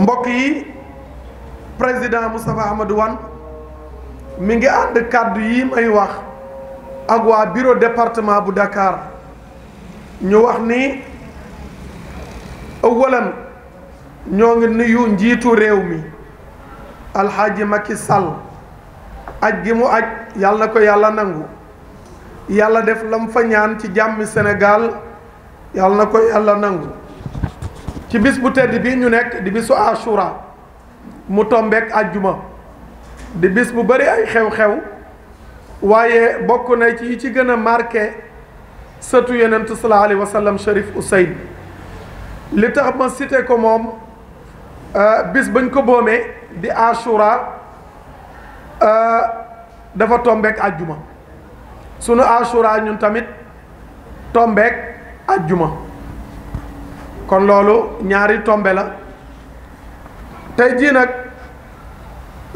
mbokk yi président Moustapha Amadou Wane mi ngi ànd kàddu yi may wax ak waa bureau département bu Dakar ñu wax ni ëwalan ñoo ngi nuyu njiitu réew mi alxaaji Macky Sall aj gi mu aj yàlla na ko yàlla nangu yàlla def lam fa ñaan ci jàmmi Sénégal yàlla na ko yàlla nangu ci bis bu tedd bii ñu nekk di bisu Ashura mu tombeek ajjuma di bis bu bari ay xew-xew waaye bokk na ci ci gën a marke sëtu yonent sallallahu alayhi wa sallam Cherif li tax ma cité ko moom euh, bis bañ ko boomee di Ashura euh, dafa tombeek ajjuma sunu Ashura ñun tamit tombeek ajjuma kon loolu ñaari tombe la tey jii nag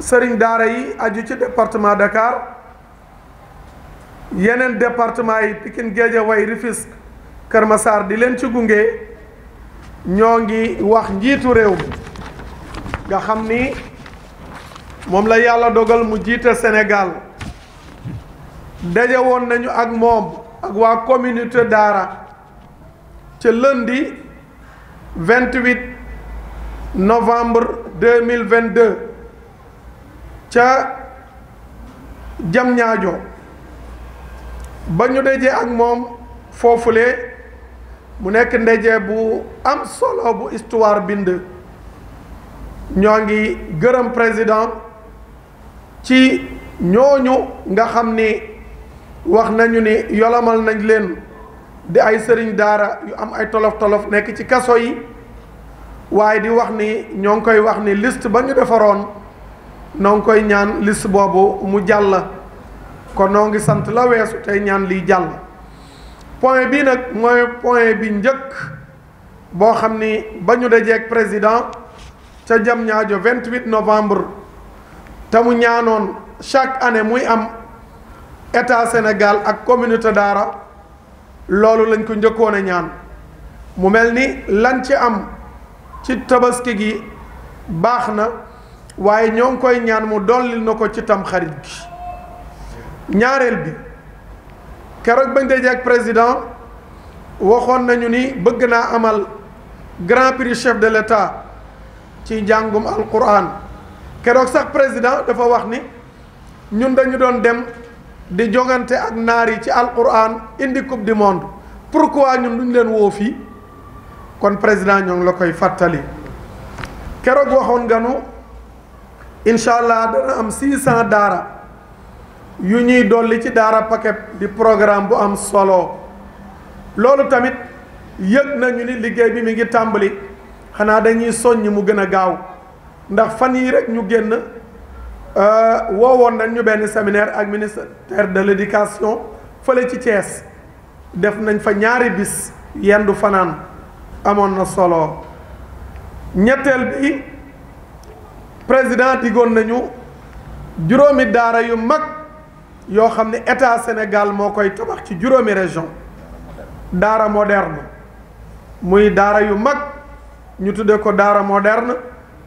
sëriñ daara yi aju ci département Dakar yeneen département yi Pikine Guédiawaye Rufisque Kër Massar di leen ci gunge ñoo ngi wax njiitu réew mi nga xam ni moom la yàlla dogal mu jiite Sénégal daje woon nañu ak moom ak waa communauté daara ca lundi 28 novembre 2022 ca Diamniadio ba ñu dajee ak moom foofulee mu nekk ndaje bu am solo bu histoire bind ñoo ngi gërëm président ci ñooñu nga xam ni wax nañu ni yolomal nañ leen di ay sëriñ daara yu am ay tolof tolof nekk ci kaso yi waaye di wax ni ñoo ngi koy wax ni list ba ñu defaroon noo ngi koy ñaan list boobu mu jàll kon noo ngi sant la weesu tey ñaan liy jàll point bi nag mooy point bi njëkk boo xam ni ba ñu dajeeg président ca jam ñaajo 28 novembre te mu ñaanoon chaque année muy am état Sénégal ak communauté daara loolu lañ ko njëkkoon a ñaan mu mel ni lan ci am ci tabaski gi baax na waaye ñoo ngi koy ñaan mu dollil na ko ci tamxarit gi ñaareel bi keroog bañ dajee ak président waxoon nañu ni bëgg naa amal grand prix chef de l'état ci njàngum alquran keroog sax président dafa wax ni ñun dañu doon dem di jongante ak naar yi ci alquran indi coupe du monde pourquoi ñun duñ leen woo fii kon président ñoo ngi la koy fàttali keroog waxoon nga nu incha allah dana am 600 daara yu ñuy dolli ci daara paquet di programme bu am solo loolu tamit yëg nañu ni liggéey bi mi ngi tàmbali xanaa dañuy soññ mu gën a gaaw ndax fan yii rek ñu génn. Euh, woowoon nañ ñu benn séminaire ak ministère de l'éducation fële ci Thiès def nañ fa ñaari bis yendu fanaan amoon na solo ñetteel bi président digoon nañu juróomi daara yu mag yoo xam ne état Sénégal moo koy tabax ci juróomi région daara moderne muy daara yu mag ñu tuddee ko daara moderne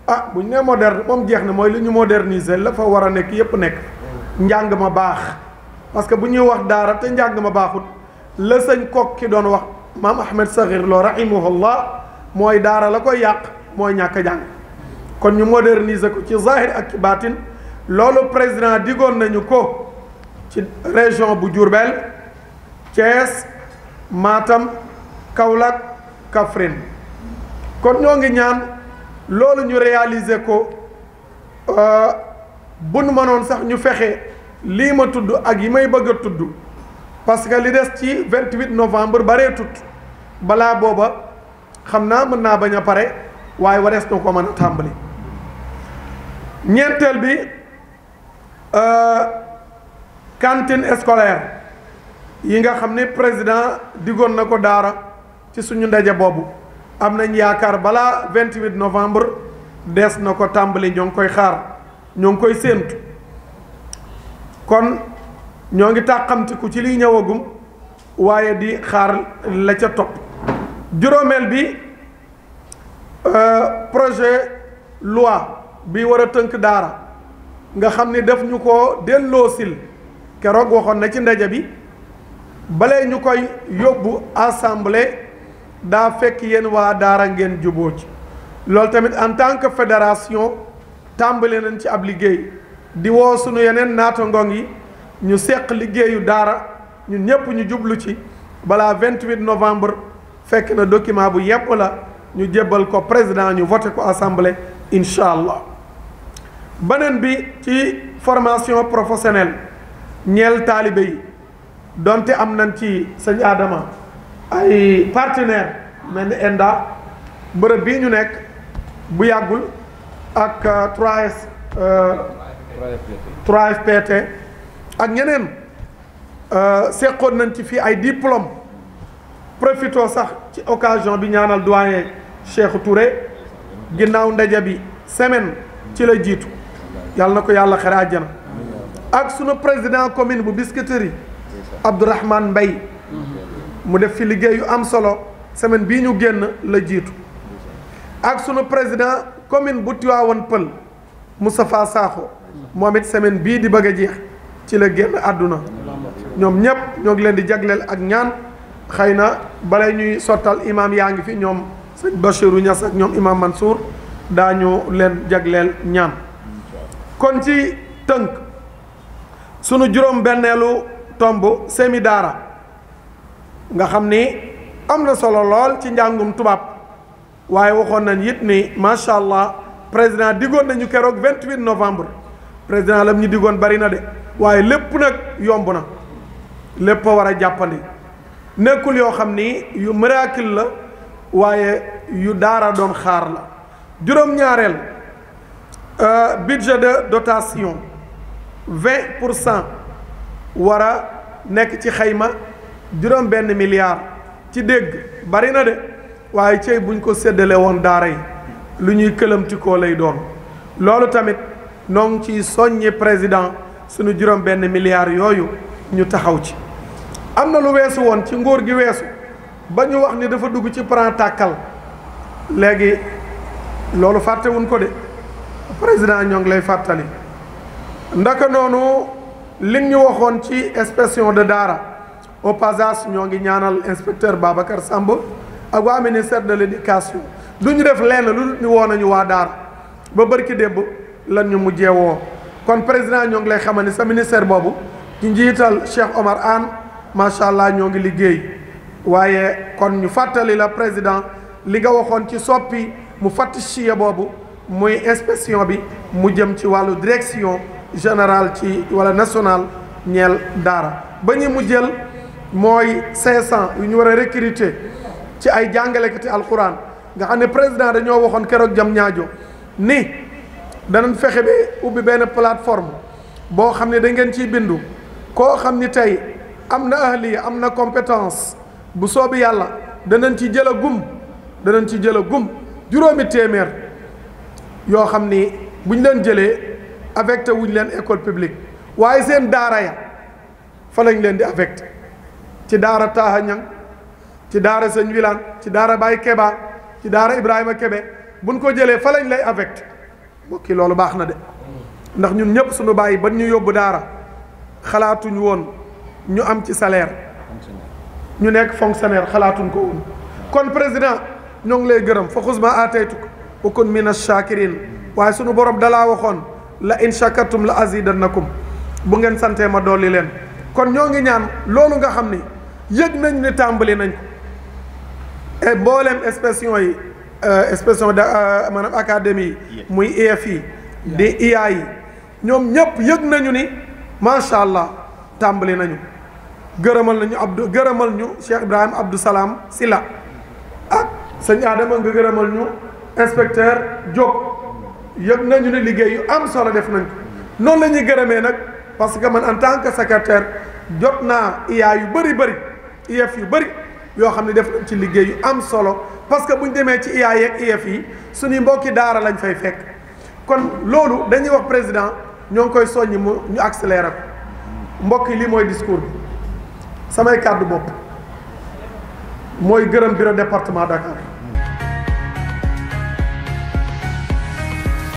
ah bu ñu nee moderne moom jeex na mooy li ñu moderniser la fa war a nekk yépp nekk njàng ma baax parce que bu ñuy wax daara te njàng ma baaxut la sëñ kook ki doon wax maam Ahmed Sakhir Lo rahimahullah mooy daara la koy yàq mooy ñàkk a kon ñu moderniser ko ci zahir ak ci baatin loolu président digoon nañu ko ci région bu Diourbel Thiès maatam Kaolack Kaffrine kon ñoo ngi ñaan loolu ñu réaliser ko euh, bu ma noon sax ñu fexe lii ma tudd ak yi may bëgg a tudd parce que li des ci 28 novembre baree tut balaa booba xam naa mën naa bañ a pare waaye warees na ko mën a tàmbali ñeenteel bi euh, cantine scolaire yi nga xam ni président digoon na ko daara ci suñu ndaje boobu am nañ yaakaar balaa vingt 28 novembre des na ko tàmbali ñoo ngi koy xaar ñoo ngi koy séentu kon ñoo ngi tàqamtiku ci liy ñëwagum waaye di xaar la ca topp juróomeel bi euh, projet loi bi war a tënk daara nga xam ni def ñu ko sil keroog waxoon na ci ndaje bi balee ñu koy yóbbu assemblée daa fekk yéen waa daara ngeen juboo ci loolu tamit en tant que fédération tàmbali nañ ci ab liggéey di woo sunu yeneen naata ngong yi ñu seq liggéeyu daara ñun ñëpp ñu jublu ci balaa 28 novembre fekk na document bu yepp la ñu jébbal ko président ñu voté ko assemblée incha allah beneen bi ci formation professionnelle ñeel taalibe yi donte am nañ ci sëñ aadama ay partenaire mel ni inda bërëb bii ñu nekk bu yàggul ak 3S euh, 3FPT euh, ak ñeneen euh, seqoon nañ ci fii ay diplôme profito sax ci occasion bi ñaanal doyen Cheikh Touré ginnaaw ndaje bi semaine ci la jiitu yàlla na ko yàlla xare àjjana ak sunu président commune bu Biscuiterie Abdourahmane mbay mu def fi liggéey yu am solo semaine bii ñu génn la jiitu ak sunu président commune bu Tivaouane Pël Moustapha Sakho moom it semaine bii di bëgg a jeex ci la génn àdduna ñoom ñëpp ñoo ngi leen di jagleel ak ñaan xëy na balay ñuy sottal imaam yaa ngi fi ñoom sëñ Bachirou Niass ak ñoom imaam Mansour daañu leen jagleel ñaan kon ci tënk sunu juróom benneelu tomb semi daara nga xam ni am na solo lool ci njàngum tubaab waaye waxoon nañ it ni macha allah président diggoon nañu keroog 28 novembre président lam ñu diggoon bari na de waaye lépp nag yomb na lépp a war a jàppandi nekkul yoo xam ni yu miracle la waaye yu daara doon xaar la juróom-ñaareel euh, budget de dotation 20 pour cent war a nekk ci xayma. juróom benn milliard ci dégg bari na de waaye cey buñ ko séddale woon daara yi lu ñuy këlamtikoo lay doon loolu tamit noo ngi ciy soññi président sunu juróom benn milliard yooyu ñu taxaw ci am na lu weesu woon ci nguur gi weesu ba ñu wax ni dafa dugg ci plan tàkkal léegi loolu fàttewuñ ko de président ñoo ngi lay fàttali ndaka noonu li ñu waxoon ci inspection de daara au passage ñoo ngi ñaanal inspecteur Babacar Samb ak waa ministère de l' éducation ñu def lenn lu ñu woo nañu waa Daara ba bërki démb lan ñu mujjee woo kon président ñoo ngi lay xamal ni sa ministère boobu ci njiital Cheikh Omar Anne macha allah ñoo ngi liggéey waaye kon ñu fàttali la président li nga waxoon ci soppi mu fàtt chiye boobu muy inspection bi mu jëm ci wàllu direction général ci wala national ñeel Daara ba ñu mu jël mooy cinq cent yu ñu war a recruter ci ay jàngalekati alquran nga xam ne président dañoo waxoon keroog jam ñaajo ni danañ fexe ba ubbi benn plateforme boo xam ne da ngeen ciy bindu koo xam ni tey am na ahliya am na compétence bu soobi yàlla danañ ci jël a gum danañ ci jël a gum juróomi téeméer yoo xam ni bu ñu leen jëlee affecté wuñ leen école publique waaye seen daara ya fa lañ leen di affecté ci daara Taha Ñang ci daara sëñ Wilane ci daara Baye Keba ci daara Ibrahima Kebe buñ ko jëlee fa lañ lay affecté mbokki loolu baax na de ndax ñun ñëpp suñu bàyyi ba ñu yóbbu daara xalaatuñu woon ñu am ci salaire ñu nekk fonctionnaire xalaatuñ ko woon kon président ñoo ngi lay gërëm fa xusma aataytuk wa kun mina shakirin waaye suñu borom dalaa waxoon la in shakartum la azidannakum bu ngeen santee ma dolli leen kon ñoo ngi ñaan loolu nga xam ni yëg nañ ne tàmbali nañ mboolem inspection yi inspection euh, da euh, maanaam académie muy IEF yi di IA yi ñoom ñëpp yëg nañu ni macha allah tàmbali nañu gërëmal nañu Abdou gërëmal ñu Cheikh Ibrahima Abdou Salaam Sila ak sëñ Adama nga gërëmal ñu inspecteur Diop yëg nañu ne liggéey yu am solo def nañ ko noonu la ñuy gërëmee nag parce que man en tant que secrétaire jot naa iyaa yu bëri bëri IEF yu bëri yoo xam ne def ci liggéey yu am solo parce que bu ñu demee ci IA yeeg IEF yi suñu mbokki daara lañ fay fekk kon loolu dañuy wax président ñoo ngi koy soññi mu ñu accéléré ko mbokk yi lii mooy discours bi samay kàddu bopp mooy gërëm bureau département Dakar